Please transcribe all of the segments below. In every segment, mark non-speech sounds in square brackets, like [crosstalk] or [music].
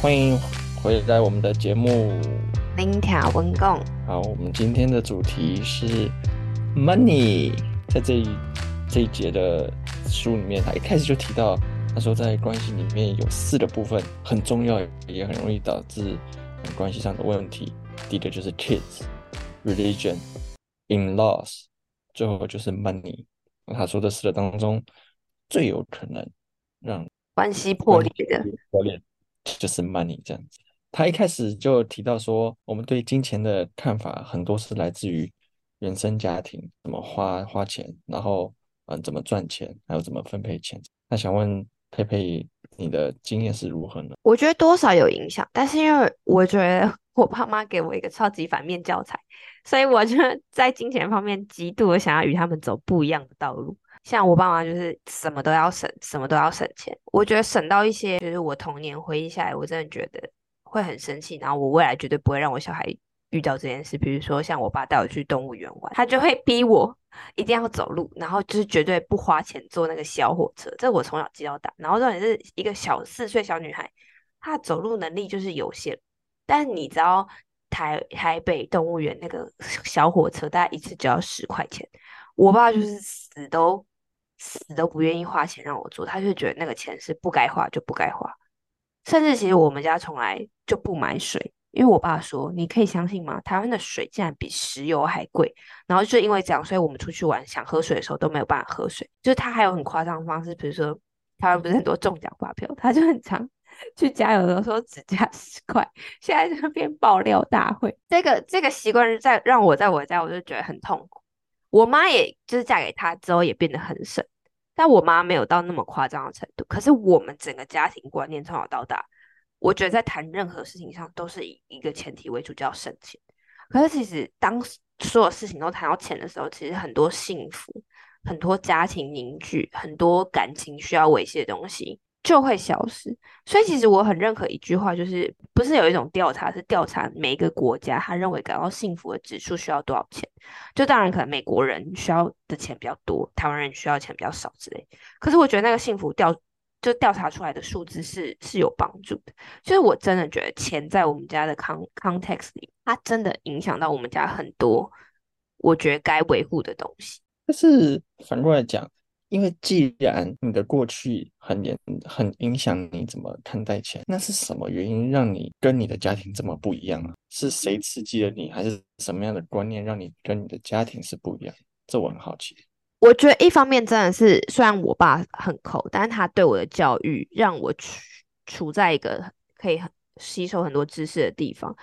歡迎回來，我們的節目。林巧文共好，我們今天的主題是 money。在這一這一節的書裡面，他一開始就提到，他說在關係裡面有四個部分很重要也，也很容易導致關係上的問題。第一個就是 kids，religion，in laws，最後就是 money。他說這四個當中，最有可能讓關係破裂的。就是 money 這樣子，他一開始就提到說，我們對金錢的看法很多是來自於原生家庭，怎麼花花錢，然後，嗯，怎麼賺錢，還有怎麼分配錢。那想問佩佩，你的經驗是如何呢？我覺得多少有影響，但是因為我覺得我爸媽給我一個超級反面教材，所以我就在金錢方面極度的想要與他們走不一樣的道路。像我爸媽就是什麼都要省，什麼都要省錢。我覺得省到一些，就是我童年回憶下來，我真的覺得會很生氣。然後我未來絕對不會讓我小孩遇到這件事。比如說像我爸帶我去動物園玩，他就會逼我一定要走路，然後就是絕對不花錢坐那個小火車。這我從小記到大。然後重點是一個小四歲小女孩，她的走路能力就是有限。但你知道台台北動物園那個小火車，大概一次只要十塊錢。我爸就是死都。死都不願意花錢讓我做，他就覺得那個錢是不該花就不該花。甚至其實我們家從來就不買水，因為我爸說，你可以相信嗎？台灣的水竟然比石油還貴。然後就因為這樣，所以我們出去玩想喝水的時候都沒有辦法喝水。就是他還有很誇張的方式，比如說台灣不是很多中獎發票，他就很常去加油的時候只加十塊，現在就變爆料大會。這個這個習慣是在讓我在我家，我就覺得很痛苦。我媽也就是嫁給他之後也變得很省，但我媽沒有到那麼誇張的程度。可是我們整個家庭觀念從小到大，我覺得在談任何事情上都是以一個前提為主，就要省錢。可是其實當所有事情都談到錢的時候，其實很多幸福、很多家庭凝聚、很多感情需要維繫的東西就會消失，所以其實我很認可一句話，就是不是有一種調查是調查每一個國家他認為感到幸福的指數需要多少錢？就當然可能美國人需要的錢比較多，台灣人需要錢比較少之類的。可是我覺得那個幸福調就調查出來的數字是是有幫助的，所以我真的覺得錢在我們家的 con context 裡，它真的影響到我們家很多，我覺得該維護的東西。但是反過來講，因為既然你的過去很影很影響你怎麼看待錢，那是什麼原因讓你跟你的家庭這麼不一樣啊？是誰刺激了你，還是什麼樣的觀念讓你跟你的家庭是不一樣？這我很好奇。我覺得一方面真的是，雖然我爸很摳，但是他對我的教育讓我處處在一個可以很吸收很多知識的地方，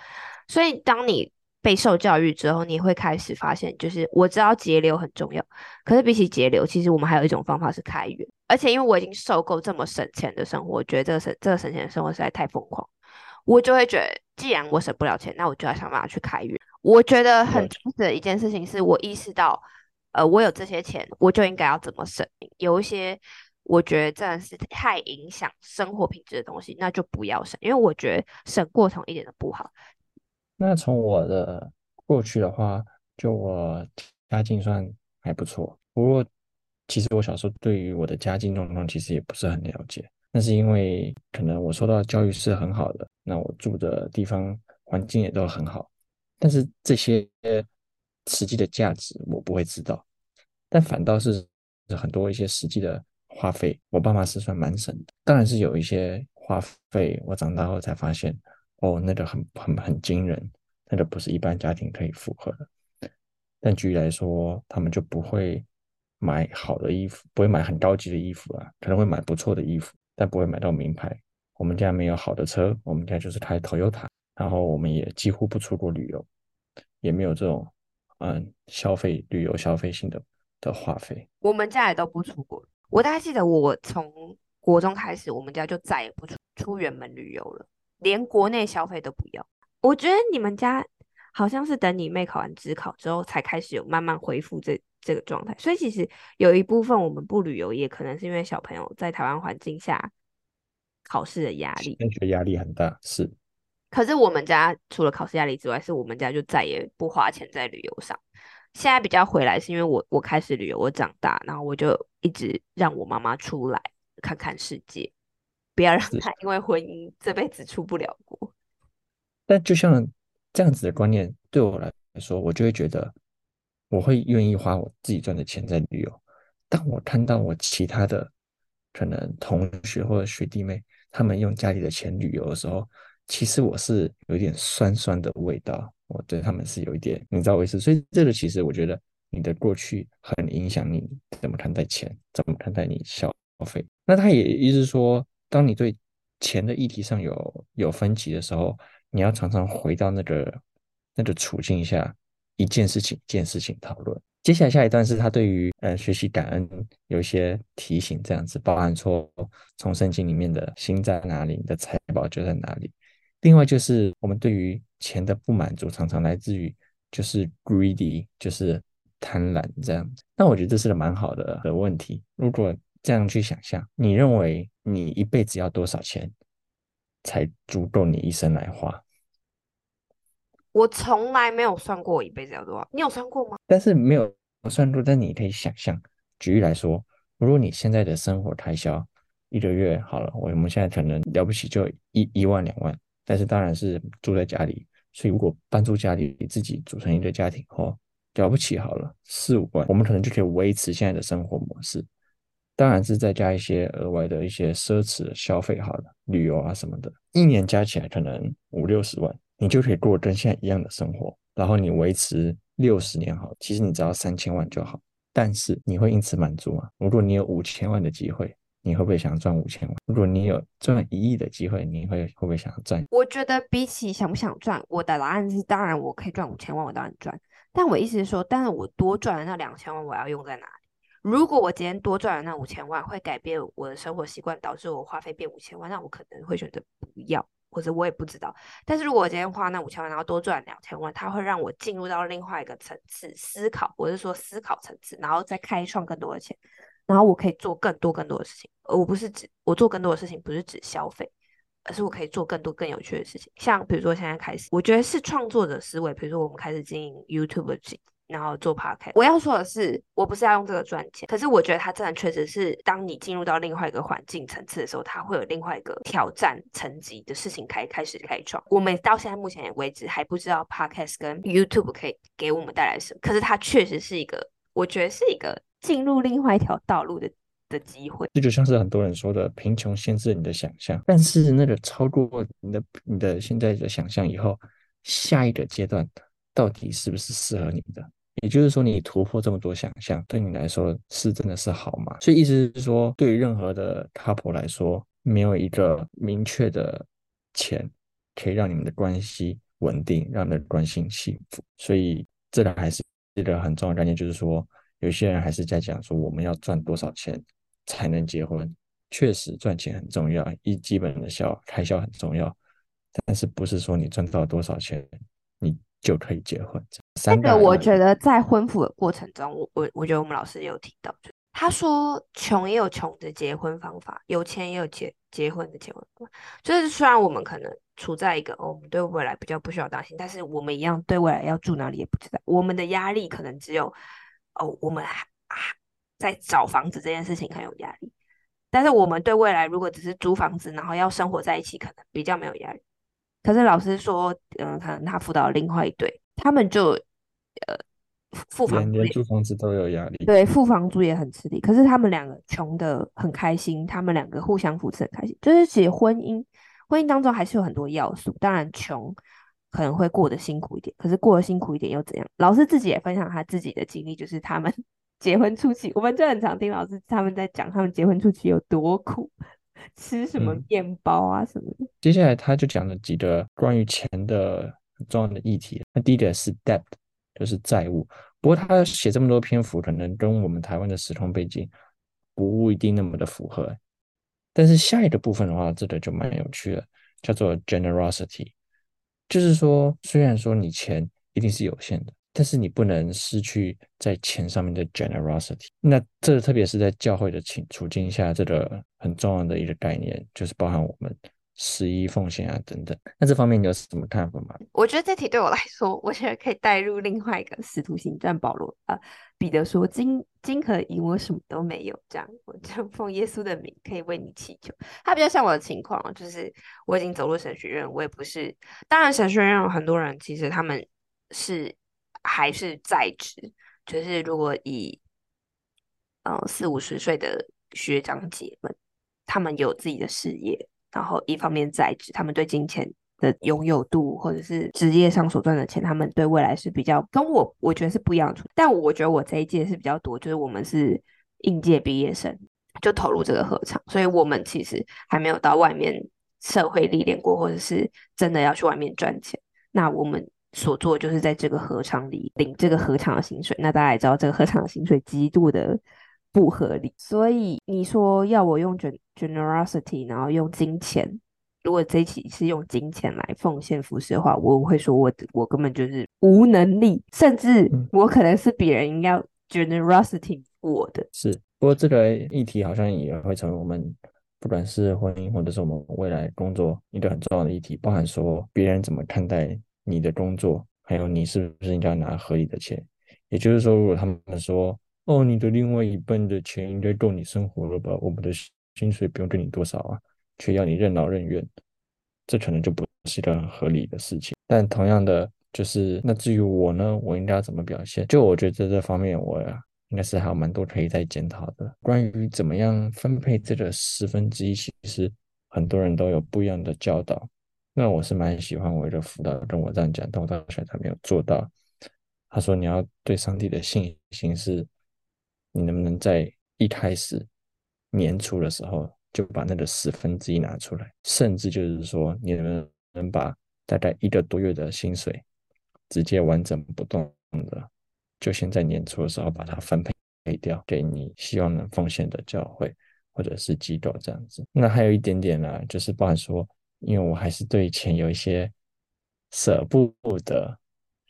所以當你。備受教育之後，你會開始發現，就是我知道節流很重要，可是比起節流，其實我們還有一種方法是開源。而且因為我已經受夠這麼省錢的生活，我覺得這個省這個省錢的生活實在太瘋狂，我就會覺得，既然我省不了錢，那我就要想辦法去開源。我覺得很真實的一件事情，是我意識到，呃，我有這些錢，我就應該要怎麼省。有一些我覺得真的是太影響生活品質的東西，那就不要省，因為我覺得省過頭一點都不好。那從我的過去的話，就我家境算還不錯。不過，其實我小時候對於我的家境狀況其實也不是很了解。那是因為可能我受到教育是很好的，那我住的地方環境也都很好。但是這些實際的價值我不會知道，但反倒是很多一些實際的花費，我爸媽是算蠻省的。當然是有一些花費，我長大後才發現。哦、oh，那個很很很驚人，那個不是一般家庭可以符合的。但舉例來說，他們就不會買好的衣服，不會買很高級的衣服啊，可能會買不錯的衣服，但不會買到名牌。我們家沒有好的車，我們家就是開 Toyota，然後我們也幾乎不出國旅遊，也沒有這種嗯消費旅遊消費性的的花費。我們家也都不出國，我大概記得我從國中開始，我們家就再也不出出遠門旅遊了。連國內消費都不要，我覺得你們家好像是等你妹考完指考之後，才開始有慢慢恢復這這個狀態。所以其實有一部分我們不旅遊，也可能是因為小朋友在台灣環境下考試的壓力，升學壓力很大。是，可是我們家除了考試壓力之外，是我們家就再也不花錢在旅遊上。現在比較回來，是因為我我開始旅遊，我長大，然後我就一直讓我媽媽出來看看世界。不要讓他因為婚姻這輩子出不了國但。但就像這樣子的觀念，對我來說，我就會覺得我會願意花我自己賺的錢在旅遊。當我看到我其他的可能同學或者學弟妹他們用家裡的錢旅遊的時候，其實我是有一點酸酸的味道。我對他們是有一點，你知道我意思，所以這個其實我覺得你的過去很影響你怎麼看待錢，怎麼看待你消費。那他也一直說。當你對錢的議題上有有分歧的時候，你要常常回到那個那個處境下，一件事情一件事情討論。接下來下一段是他對於呃學習感恩有一些提醒這樣子，包含說從《聖經》裡面的“心在哪裡，你的財寶就在哪裡”。另外就是我們對於錢的不滿足，常常來自於就是 greedy，就是貪婪這樣子。那我覺得這是個蠻好的的問題。如果這樣去想象，你認為你一輩子要多少錢才足夠你一生來花？我從來沒有算過我一輩子要多少，你有算過嗎？但是沒有算過，但你可以想象，舉例來說，如果你現在的生活開銷一個月好了，我們現在可能了不起就一一萬兩萬，但是當然是住在家裡，所以如果搬出家裡，自己組成一個家庭，後，了不起好了四五萬，我們可能就可以維持現在的生活模式。當然是再加一些額外的一些奢侈消費，好了，旅遊啊什麼的，一年加起來可能五六十萬，你就可以過跟現在一樣的生活。然後你維持六十年好，其實你只要三千萬就好。但是你會因此滿足嗎？如果你有五千萬的機會，你會不會想要賺五千萬？如果你有賺一億的機會，你會會不會想要賺？我覺得比起想不想賺，我的答案是，當然我可以賺五千萬，我當然賺。但我意思是說，但是我多賺了那兩千萬，我要用在哪裡？如果我今天多賺了那五千萬，會改變我的生活習慣，導致我花費變五千萬，那我可能會選擇不要，或者我也不知道。但是如果我今天花那五千萬，然後多賺兩千萬，它會讓我進入到另外一個層次思考，我是說思考層次，然後再開創更多的錢，然後我可以做更多更多的事情。我不是指我做更多的事情，不是指消費，而是我可以做更多更有趣的事情。像比如說現在開始，我覺得是創作者思維。比如說我們開始經營 YouTube。然後做 Podcast，我要說的是，我不是要用這個賺錢，可是我覺得它真的確實是，當你進入到另外一個環境層次的時候，它會有另外一個挑戰層級的事情開開始開創。我們到現在目前為止還不知道 Podcast 跟 YouTube 可以給我們帶來什麼，可是它確實是一個，我覺得是一個進入另外一條道路的的機會。這就像是很多人說的，貧窮限制你的想象，但是那個超過你的你的現在的想象以後，下一個階段到底是不是適合你的？也就是說，你突破這麼多想象，對你來說是真的是好嗎？所以意思是說，對於任何的 couple 來說，沒有一個明確的錢可以讓你們的關係穩定，讓你們關係幸福。所以，這個還是一個很重要的概念，就是說，有些人還是在講說，我們要賺多少錢才能結婚？確實，賺錢很重要，一基本的消開銷很重要，但是不是說你賺到多少錢？就可以結婚。這、那個我覺得在婚服的過程中，我我我覺得我們老師也有提到，就是、他說窮也有窮的結婚方法，有錢也有結結婚的結婚方法。就是雖然我們可能處在一個、哦、我們對未來比較不需要擔心，但是我們一樣對未來要住哪裡也不知道。我們的壓力可能只有哦，我們還、啊、還、啊、在找房子這件事情很有壓力，但是我們對未來如果只是租房子，然後要生活在一起，可能比較沒有壓力。可是老師說，嗯，可能他輔導另外一對，他們就，呃，付房租，連租房子都有壓力，對，付房租也很吃力。可是他們兩個窮得很開心，他們兩個互相扶持很開心。就是其實婚姻，婚姻當中還是有很多要素，當然窮可能會過得辛苦一點，可是過得辛苦一點又怎樣？老師自己也分享他自己的經歷，就是他們結婚初期，我們就很常聽老師他們在講他們結婚初期有多苦。吃什麼麵包啊、嗯、什麼的。接下來他就講了幾個關於錢的重要的議題。那第一點是 debt，就是債務。不過他寫這麼多篇幅，可能跟我們台灣的時空背景不一定那麼的符合。但是下一個部分的話，這個就蠻有趣的，叫做 generosity，就是說雖然說你錢一定是有限的。但是你不能失去在錢上面的 generosity，那這特別是在教會的情處境下，這個很重要的一個概念就是包含我們十一奉獻啊等等。那這方面你有什麼看法嗎？我覺得這題對我來說，我現在可以帶入另外一個使徒行傳保羅啊、呃、彼得說金金和銀，我什麼都沒有，這樣我這樣奉耶穌的名可以為你祈求。他比較像我的情況，就是我已經走入神學院，我也不是當然神學院有很多人其實他們是。還是在職，就是如果以，嗯、呃，四五十歲的學長姐們，他們有自己的事業，然後一方面在職，他們對金錢的擁有度，或者是職業上所賺的錢，他們對未來是比較跟我，我覺得是不一樣的。但我覺得我這一屆是比較多，就是我們是應屆畢業生，就投入這個職場，所以我們其實還沒有到外面社會歷練過，或者是真的要去外面賺錢，那我們。所做就是在這個合唱裡領這個合唱的薪水，那大家也知道這個合唱的薪水極度的不合理，所以你說要我用 gen generosity，然後用金錢，如果這期是用金錢來奉獻服事的話，我會說我我根本就是無能力，甚至我可能是別人要 gen generosity 我的、嗯、是，不過這個議題好像也會成為我們不管是婚姻或者是我們未來工作一個很重要的議題，包含說別人怎麼看待。你的工作，還有你是不是應該拿合理的錢？也就是說，如果他們說，哦，你的另外一半的錢應該夠你生活了吧？我們的薪水不用給你多少啊，卻要你任勞任怨，這可能就不是一個很合理的事情。但同樣的，就是那至於我呢，我應該要怎麼表現？就我覺得在這方面我、啊，我應該是還有蠻多可以再檢討的。關於怎麼樣分配這個十分之一，其實很多人都有不一樣的教導。那我是蠻喜歡我一個輔導跟我這樣講，但我到現在還沒有做到。他說：“你要對上帝的信心是，你能不能在一開始年初的時候就把那個十分之一拿出來，甚至就是說，你能不能把大概一個多月的薪水直接完整不動的，就先在年初的時候把它分配掉，給你希望能奉獻的教會或者是機構這樣子。”那還有一點點呢、啊，就是包含說。因為我還是對錢有一些捨不得，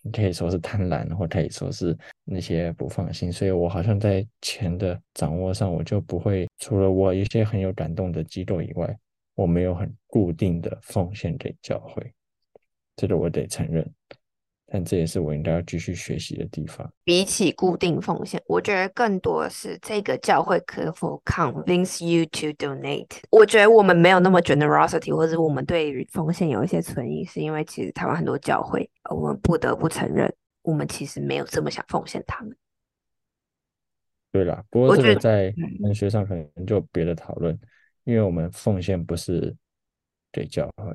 你可以說是貪婪，或可以說是那些不放心，所以我好像在錢的掌握上，我就不會除了我一些很有感動的機構以外，我沒有很固定的奉獻給教會，這個我得承認。但這也是我應該要繼續學習的地方。比起固定奉獻，我覺得更多是這個教會可否 convince you to donate？我覺得我們沒有那麼 generosity，或者我們對於奉獻有一些存疑，是因為其實台灣很多教會，我們不得不承認，我們其實沒有這麼想奉獻他們。對啦，不過這個我覺得在文學上可能就別的討論，因為我們奉獻不是對教會。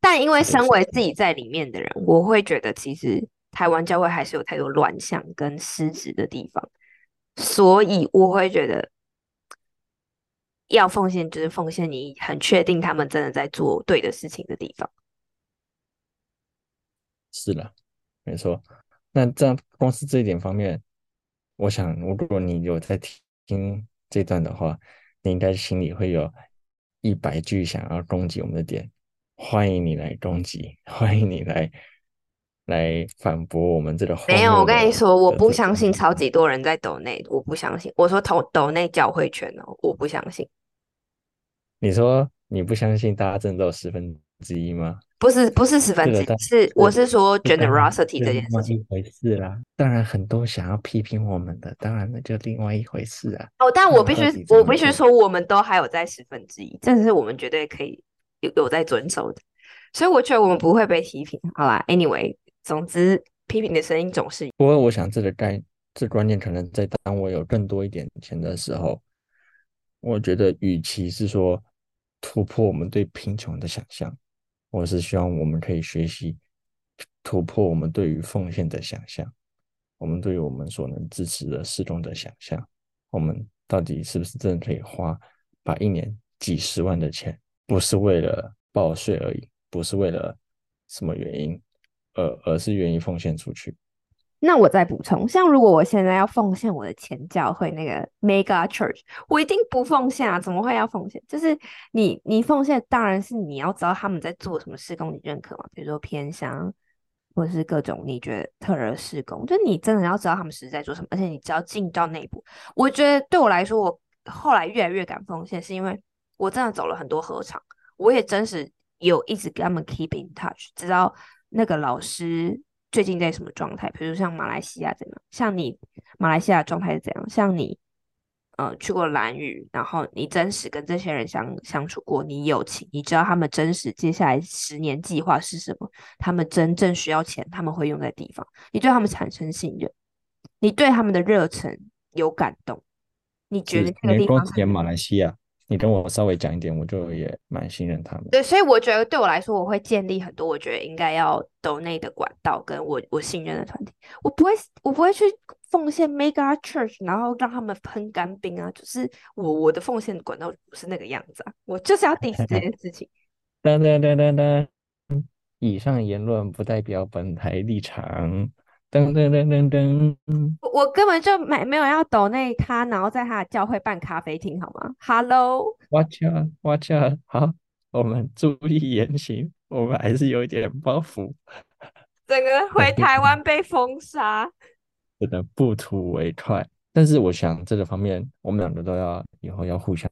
但因為身為自己在裡面的人，我會覺得其實台灣教會還是有太多亂象跟失職的地方，所以我會覺得要奉獻就是奉獻你很確定他們真的在做對的事情的地方。是了，沒錯。那在公司這一點方面，我想如果你有在聽這段的話，你應該心裡會有一百句想要攻擊我們的點。歡迎你來攻擊，歡迎你來來反駁我們這個話。沒有，我跟你說，我不相信超級多人在抖內，我不相信。我說投抖內教會權哦，我不相信。嗯，你說你不相信大家真的有十分之一嗎？不是，不是十分之一，是，是，是，是我是說 generosity 是的，這件事情。是是一回事啦，當然很多想要批評我們的，當然那就另外一回事啊。哦，但我必須我必須說，我們都還有在十分之一，這是我們絕對可以，有有在遵守的，所以我覺得我們不會被批評，好啦，anyway，總之批評的聲音總是。不過，我想這個概這個、觀念可能在當我有更多一點錢的時候，我覺得，與其是說突破我們對貧窮的想象，我是希望我們可以學習突破我們對於奉獻的想象，我們對於我們所能支持的事物的想象，我們到底是不是真的可以花把一年幾十萬的錢？不是為了報稅而已，不是為了什麼原因，而而是願意奉獻出去。那我再補充，像如果我現在要奉獻我的前教會那個 Mega Church，我一定不奉獻啊！怎麼會要奉獻？就是你你奉獻，當然是你要知道他們在做什麼事工，你認可嗎？比如說偏鄉或者是各種你覺得特別事工，就你真的要知道他們是在做什麼，而且你知道進到內部。我覺得對我來說，我後來越來越敢奉獻，是因為。我真的走了很多合場，我也真實有一直跟他們 keep in touch，知道那個老師最近在什麼狀態。比如像馬來西亞，怎樣？像你馬來西亞狀態是怎樣？像你，呃去過蘭嶼，然後你真實跟這些人相相處過，你友情，你知道他們真實接下來十年計劃是什麼？他們真正需要錢，他們會用在地方，你對他們產生信任，你對他們的熱忱，的熱忱有感動，你覺得這個地方馬來西亞。你跟我稍微講一點，我就也蠻信任他們。對，所以我覺得對我來說，我會建立很多我覺得應該要 donate 的管道，跟我我信任的團體。我不會，我不會去奉獻 mega church，然後讓他們噴乾冰啊！就是我我的奉獻的管道不是那個樣子啊，我就是要定死這件事情。當當當當當，以上言論不代表本台立場。等等等等等，我、嗯、我根本就沒沒有要抖那一咖，然後在他的教會辦咖啡廳，好嗎？Hello，Watch out，Watch out 好，我們注意言行，我們還是有一點包袱。整個回台灣被封殺，真 [laughs] 的不吐為快。但是我想這個方面，我們兩個都要以後要互相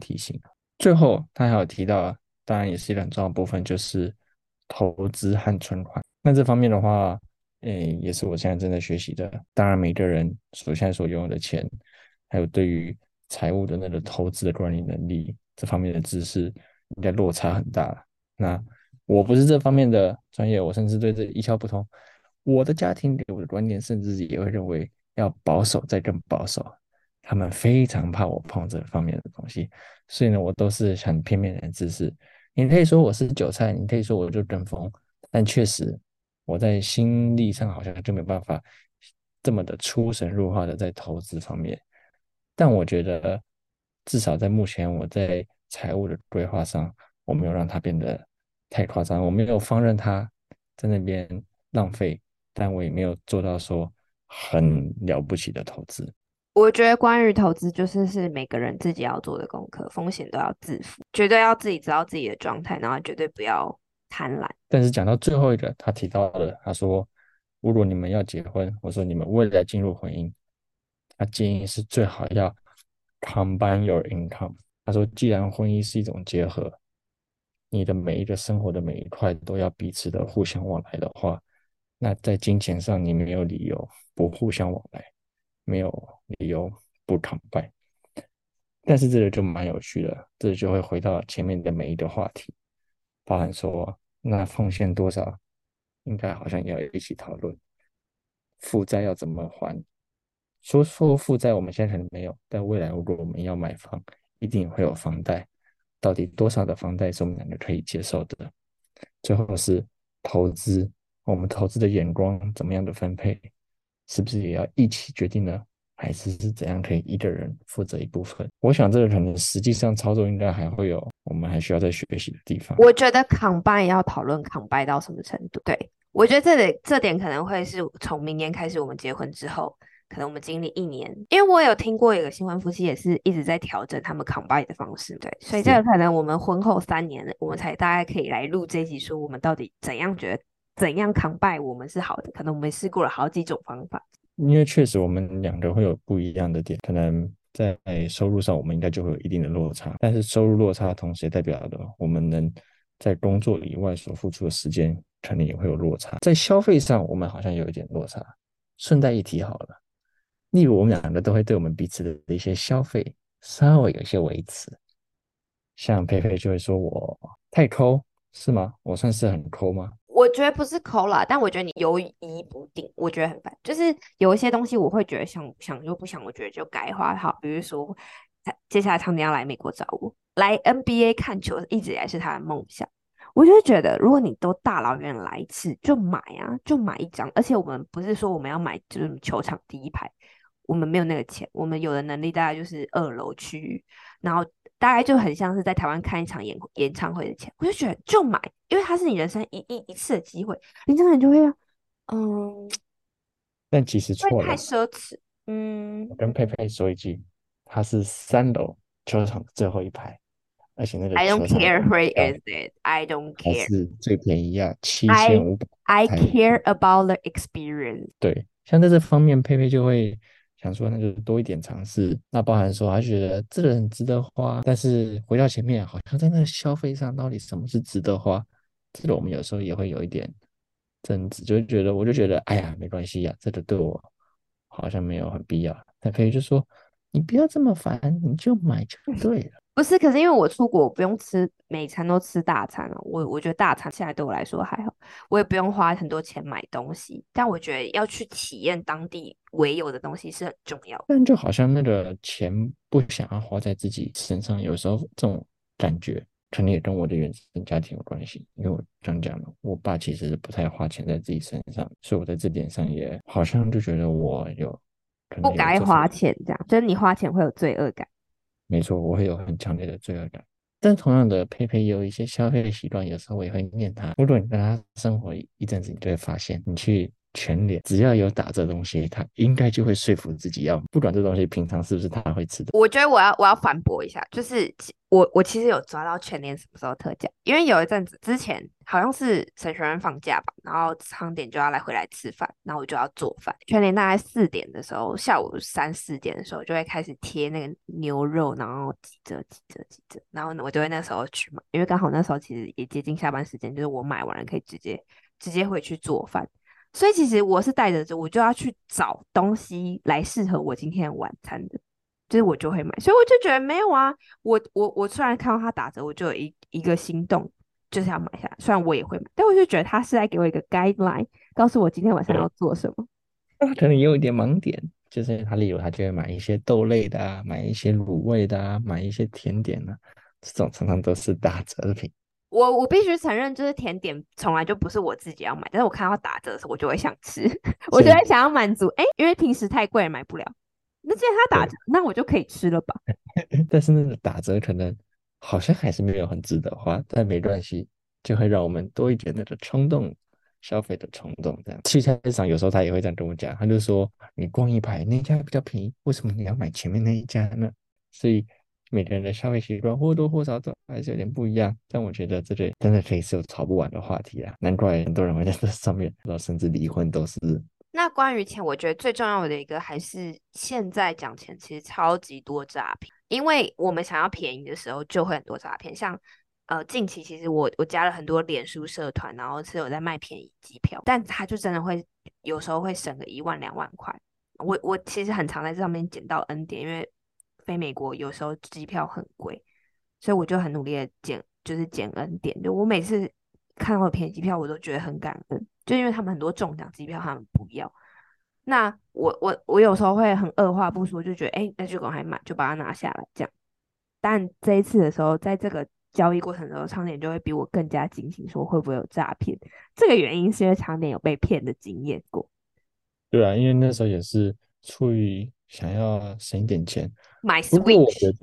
提醒。最後，他還有提到，當然也是一個很重要的部分，就是投資和存款。那這方面的話。嗯，也是我現在正在學習的。當然，每個人所現在所擁有的錢，還有對於財務的那個投資的管理能力這方面的知識，應該落差很大了。那我不是這方面的專業，我甚至對這一竅不通。我的家庭給我的觀念，甚至也會認為要保守再更保守。他們非常怕我碰這方面的東西，所以呢，我都是很片面的知識。你可以說我是韭菜，你可以說我就跟風，但確實。我在心力上好像就沒有辦法這麼的出神入化的在投資方面，但我覺得至少在目前，我在財務的規劃上，我沒有讓它變得太誇張，我沒有放任它在那邊浪費，但我也沒有做到說很了不起的投資。我覺得關於投資，就是是每個人自己要做的功課，風險都要自負，絕對要自己知道自己的狀態，然後絕對不要。貪婪。但是講到最後一個，他提到了，他說：“如果你們要結婚，我說你們未來進入婚姻，他建議是最好要 combine your income。”他說：“既然婚姻是一種結合，你的每一個生活的每一塊都要彼此的互相往來的話，那在金錢上，你沒有理由不互相往來，沒有理由不 combine。但是這個就蠻有趣的，這個就會回到前面的每一個話題。包含說，那奉獻多少，應該好像也要一起討論，負債要怎麼還？說說負債，我們現在可能沒有，但未來如果我們要買房，一定會有房貸，到底多少的房貸是我們兩個可以接受的？最後是投資，我們投資的眼光怎麼樣的分配，是不是也要一起決定呢？還是，是怎樣可以一個人負責一部分？我想這個可能實際上操作應該還會有，我們還需要再學習的地方。我覺得 combine 要討論 combine 到什麼程度？對，我覺得這裡這點可能會是從明年開始，我們結婚之後，可能我們經歷一年，因為我有聽過一個新婚夫妻也是一直在調整他們 combine 的方式，對，所以這可能我們婚後三年，我們才大概可以來錄這集說我們到底怎樣覺得怎樣 combine 我們是好的？可能我們試過了好幾種方法。因為確實，我們兩個會有不一樣的點，可能在收入上，我們應該就會有一定的落差。但是收入落差，同時也代表了我們能在工作以外所付出的時間，肯定也會有落差。在消費上，我們好像有一點落差。順帶一提好了，例如我們兩個都會對我們彼此的一些消費稍微有一些維持。像佩佩就會說我太摳，是嗎？我算是很摳嗎？我覺得不是摳啦。但我覺得你猶豫不定，我覺得很煩。就是有一些東西，我會覺得想想又不想，我覺得就該花好。比如說，他接下來常年要來美國找我，來 NBA 看球，一直也是他的夢想。我就是覺得，如果你都大老遠來一次，就買啊，就買一張。而且我們不是說我們要買，就是球場第一排，我們沒有那個錢。我們有的能力大概就是二樓區域，然後。大概就很像是在台灣看一場演演唱會的錢，我就覺得就買，因為它是你人生一一一次的機會，你這個人就會啊，嗯。但其實錯了，太奢侈。嗯。我跟佩佩說一句，它是三樓球場最後一排，而且那個。I don't care where is it. I don't care。是最便宜啊，七千五百。I, I care about the experience。對，像在這方面，佩佩就會。想說那就多一點嘗試，那包含說還覺得這個很值得花，但是回到前面，好像在那個消費上到底什麼是值得花，這個我們有時候也會有一點爭執，就覺得我就覺得哎呀沒關係呀，這個對我好像沒有很必要，那可以就說你不要這麼煩，你就買就對了。不是，可是因為我出國，不用吃每餐都吃大餐了，哦。我我覺得大餐現在對我來說還好，我也不用花很多錢買東西。但我覺得要去體驗當地唯有的東西是很重要的。但就好像那個錢不想要花在自己身上，有時候這種感覺可能也跟我的原生家庭有關係。因為我這樣講嘛，我爸其實是不太花錢在自己身上，所以我在這點上也好像就覺得我有，有不該花錢這樣，就是你花錢會有罪惡感。沒錯，我會有很強烈的罪惡感。但同樣的，佩佩有一些消費的習慣，有時候我也會念他。如果你跟他生活一陣子，你就會發現，你、嗯、去。全聯只要有打折東西，他應該就會說服自己要，不管這東西平常是不是他會吃的。我覺得我要我要反駁一下，就是我我其實有抓到全聯什麼時候特價，因為有一陣子之前好像是陳學仁放假吧，然後餐點就要來回來吃飯，然後我就要做飯。全聯大概四點的時候，下午三四點的時候就會開始貼那個牛肉，然後幾折幾折幾折，然後我就會那時候去買，因為剛好那時候其實也接近下班時間，就是我買完了可以直接直接回去做飯。所以其實我是帶着這，我就要去找東西來適合我今天晚餐的，就是我就會買。所以我就覺得沒有啊，我我我突然看到它打折，我就有一一個心動，就是要買下來。雖然我也會買，但我就覺得他是在給我一個 guideline，告訴我今天晚上要做什麼。嗯、 [noise] 他可能有一點盲點，就是他例如他就會買一些豆類的，買一些滷味的、啊，買一些甜點的、啊，這種常常都是打折的品。我我必須承認，就是甜點從來就不是我自己要買，但是我看到打折的時候，我就會想吃， [laughs] 我就在想要滿足。哎、欸，因為平時太貴買不了，那既然他打折，那我就可以吃了吧？但是那個打折可能好像還是沒有很值得花，但沒關係，就會讓我們多一點那個衝動消費的衝動。動，這樣去菜市場，有時候他也會這樣跟我講，他就說：“你逛一排，那家比較便宜，為什麼你要買前面那一家呢？”所以。每個人的消費習慣或多或少都還是有點不一樣，但我覺得這個真的可以是有吵不完的話題啊！難怪很多人會在這上面搞甚至離婚都是。那關於錢，我覺得最重要的一個還是現在講錢，其實超級多詐騙，因為我們想要便宜的時候就會很多詐騙。像呃，近期其實我我加了很多臉書社團，然後是有在賣便宜機票，但他就真的會有時候會省個一萬兩萬塊。我我其實很常在這上面撿到恩典，因為。飛美國有時候機票很貴，所以我就很努力的撿，就是撿恩典。就我每次看到的便宜機票，我都覺得很感恩，就因為他們很多中獎機票他們不要。那我我我有時候會很二話不說，就覺得誒、欸，那就趕快買，就把它拿下來這樣。但這一次的時候，在這個交易過程的時候，長點就會比我更加警醒，說會不會有詐騙。這個原因是因為長點有被騙的經驗過。對啊，因為那時候也是出於。想要省一點錢，買 Switch。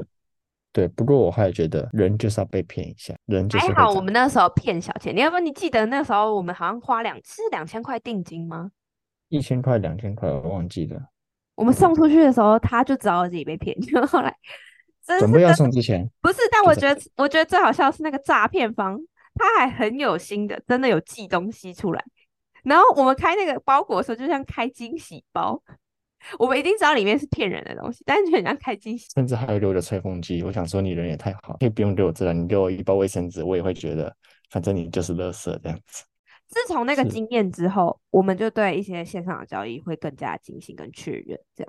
對。不過我還覺得，人就是要被騙一下，人就是。還好我們那時候騙小錢，你要不你記得那時候我們好像花兩是兩千塊定金嗎？一千塊，兩千塊，我忘記了。我們送出去的時候，他就知道自己被騙。後來準備要送之前，不是？但我覺得，我覺得最好笑是那個詐騙方，他還很有心的，真的有寄東西出來。然後我們開那個包裹的時候，就像開驚喜包。我們一定知道裡面是騙人的東西，但是人家開機，甚至還要留着吹風機。我想說，你人也太好，可以不用給我字了，你給我一包衛生紙，我也會覺得，反正你就是樂色這樣子。自從那個經驗之後，我們就對一些線上的交易會更加謹慎跟確認。這樣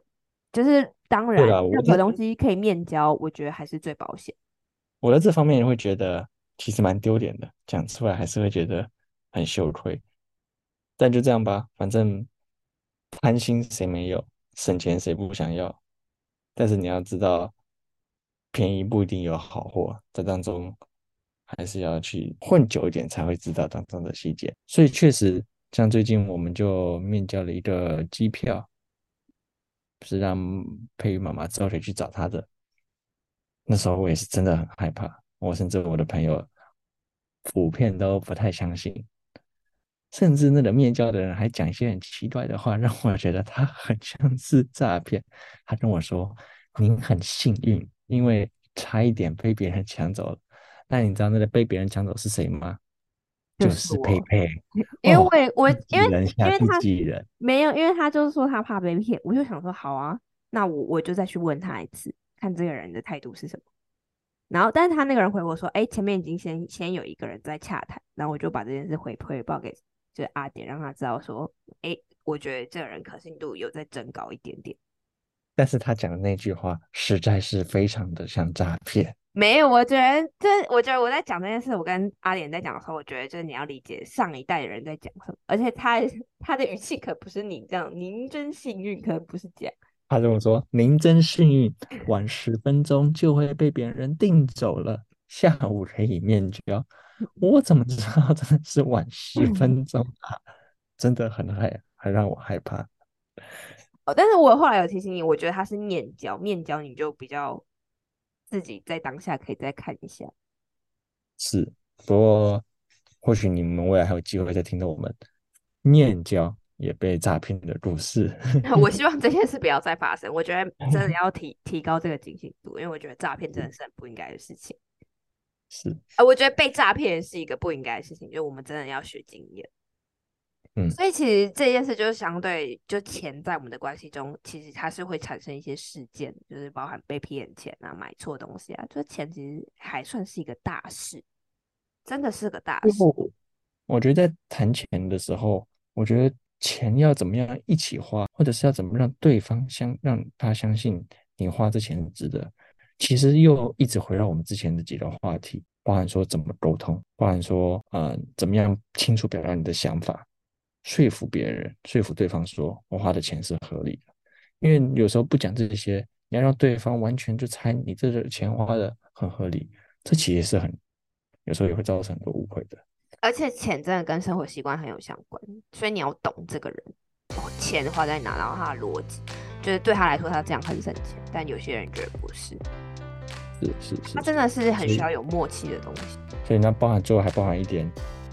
就是當然，任何東西可以面交，我覺得還是最保險。我在這方面會覺得其實蠻丟臉的，講出來還是會覺得很羞愧，但就這樣吧，反正貪心誰沒有？省錢誰不想要？但是你要知道，便宜不一定有好貨，在當中還是要去混久一點，才會知道當中的細節。所以確實，像最近我們就面交了一個機票，是讓佩瑜媽媽之後去,去找他的。那時候我也是真的很害怕，我甚至我的朋友普遍都不太相信。甚至那個面交的人還講一些很奇怪的話，讓我覺得他很像是詐騙。他跟我說：“您很幸運，因為差一點被別人搶走了。”那你知道那個被別人搶走是誰嗎？就是佩佩。因為我、哦、因為自己人自己人，因為他沒有，因為他就是說他怕被騙。我就想說，好啊，那我我就再去問他一次，看這個人的態度是什麼。然後，但是他那個人回我說：“哎、欸，前面已經先先有一個人在洽談。”然後我就把這件事回匯報給。就是阿典讓他知道說，哎，我覺得這個人可信度有在增高一點點。但是他講的那句話實在是非常的像詐騙。沒有，我覺得這，我覺得我在講這件事，我跟阿典在講的時候，我覺得就是你要理解上一代人在講什麼，而且他他的語氣可不是你這樣。您真幸運，可能不是這樣。他這麼說：“您真幸運，晚十分鐘就會被別人訂走了，下午可以面交。”我怎麼知道真的是晚十分鐘啊？嗯、真的很害，很讓我害怕。哦，但是我後來有提醒你，我覺得他是面交，面交你就比較自己在當下可以再看一下。是，不過或許你們未來還有機會再聽到我們面交也被詐騙的故事。嗯、 [laughs] 我希望這件事不要再發生。我覺得真的要提、嗯、提高這個警醒度，因為我覺得詐騙真的是很不應該的事情。是、啊，我覺得被詐騙是一個不應該的事情，就我們真的要學經驗。嗯，所以其實這件事就是相對，就錢在我們的關係中，其實它是會產生一些事件，就是包含被騙錢啊、買錯東西啊，就錢其實還算是一個大事，真的是個大事。我覺得在談錢的時候，我覺得錢要怎麼樣一起花，或者是要怎麼讓對方相，讓他相信你花這錢值得。其實又一直回到我們之前的幾個話題，包含說怎麼溝通，包含說嗯、呃、怎麼樣清楚表達你的想法，說服別人，說服對方說我花的錢是合理的。因為有時候不講這些，你要讓對方完全就猜你這個錢花得很合理，這其實是很有時候也會造成很多誤會的。而且錢真的跟生活習慣很有相關，所以你要懂這個人錢花在哪，然後他的邏輯就是對他來說他這樣很省錢，但有些人覺得不是。是是是，它真的是很需要有默契的東西。所以那包含最後還包含一點，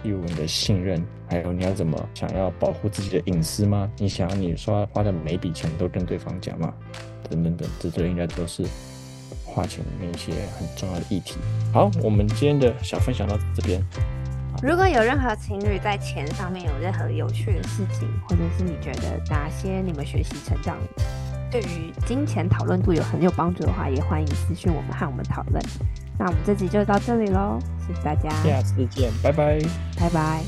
例如你的信任，還有你要怎麼想要保護自己的隱私嗎？你想要你說要花的每筆錢都跟對方講嗎？等等等等，這應該都是花錢裡面一些很重要的議題。好，我們今天的小分享到這邊。如果有任何情侶在錢上面有任何有趣的事情，或者是你覺得哪些你們學習成長？對於金錢討論度有很有幫助的話，也歡迎諮詢我們和我們討論。那我們這集就到這裡嘍，謝謝大家，下次見，拜拜，拜拜。